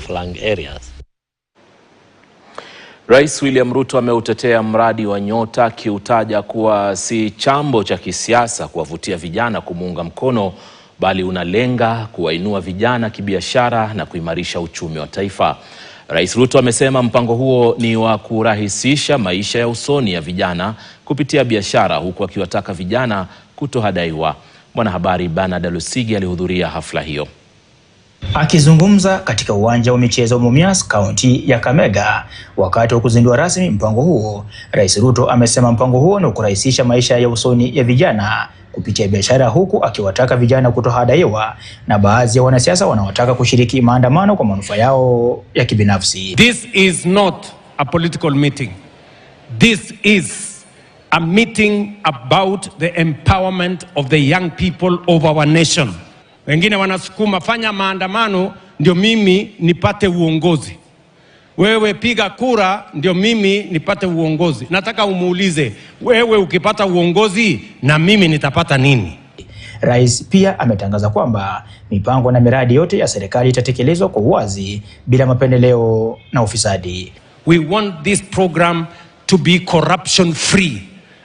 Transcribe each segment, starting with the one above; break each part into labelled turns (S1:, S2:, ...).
S1: flung areas. Rais William Ruto ameutetea mradi wa Nyota akiutaja kuwa si chambo cha kisiasa kuwavutia vijana kumuunga mkono bali unalenga kuwainua vijana kibiashara na kuimarisha uchumi wa taifa. Rais Ruto amesema mpango huo ni wa kurahisisha maisha ya usoni ya vijana kupitia biashara huku akiwataka vijana kutohadaiwa. Mwanahabari Bernard Lusigi alihudhuria hafla hiyo.
S2: Akizungumza katika uwanja wa michezo wa Mumias kaunti ya Kakamega wakati wa kuzindua rasmi mpango huo, Rais Ruto amesema mpango huo ni kurahisisha maisha ya usoni ya vijana kupitia biashara, huku akiwataka vijana kutohadaiwa na baadhi ya wanasiasa wanaotaka kushiriki maandamano kwa manufaa yao ya kibinafsi.
S3: This is not a political meeting. This is a meeting about the empowerment of the young people of our nation
S4: wengine wanasukuma, fanya maandamano ndio mimi nipate uongozi, wewe piga kura ndio mimi nipate uongozi. Nataka umuulize wewe, ukipata uongozi na mimi nitapata nini?
S2: Rais pia ametangaza kwamba mipango na miradi yote ya serikali itatekelezwa kwa uwazi bila mapendeleo na ufisadi.
S3: We want this program to be corruption free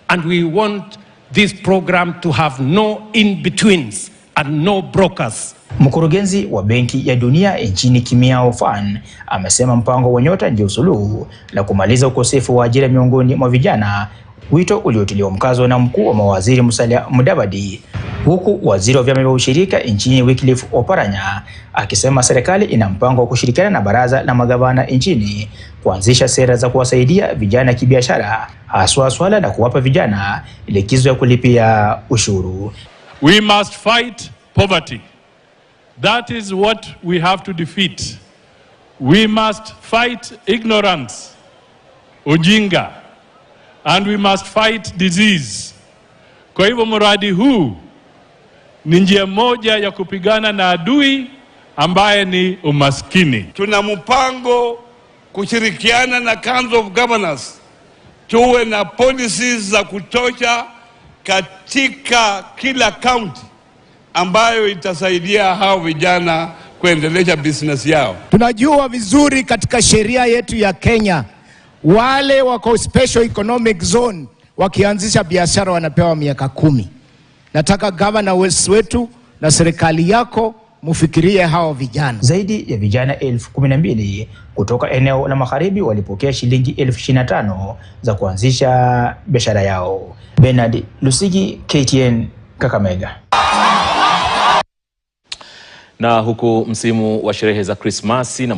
S3: and we want this program to have no in betweens and no brokers.
S2: Mkurugenzi wa Benki ya Dunia nchini Kimiao Fan amesema mpango wa Nyota ndio suluhu la kumaliza ukosefu wa ajira miongoni mwa vijana, wito uliotiliwa mkazo na mkuu wa mawaziri Musalia Mudavadi, huku waziri wa vyama vya ushirika nchini Wycliffe Oparanya akisema serikali ina mpango wa kushirikiana na baraza la magavana nchini kuanzisha sera za kuwasaidia vijana kibiashara, haswa swala la kuwapa vijana likizo ya kulipia ushuru.
S3: We must fight poverty. That is what we have to defeat. We must fight ignorance, ujinga, and we must fight disease.
S4: Kwa hivyo mradi huu ni njia moja ya kupigana na adui ambaye ni umaskini.
S5: Tuna mpango kushirikiana na Council of Governors tuwe na policies za kutosha katika kila kaunti ambayo itasaidia hao vijana kuendelesha business yao.
S6: Tunajua vizuri katika sheria yetu ya Kenya, wale wako special economic zone wakianzisha biashara wanapewa miaka kumi. Nataka gavana wetu na serikali yako mufikirie hao vijana.
S2: Zaidi ya vijana elfu kumi na mbili kutoka eneo la magharibi walipokea shilingi elfu ishirini na tano za kuanzisha biashara yao. Bernard Lusigi, KTN, Kakamega.
S7: Na huku msimu wa sherehe za Krismasi na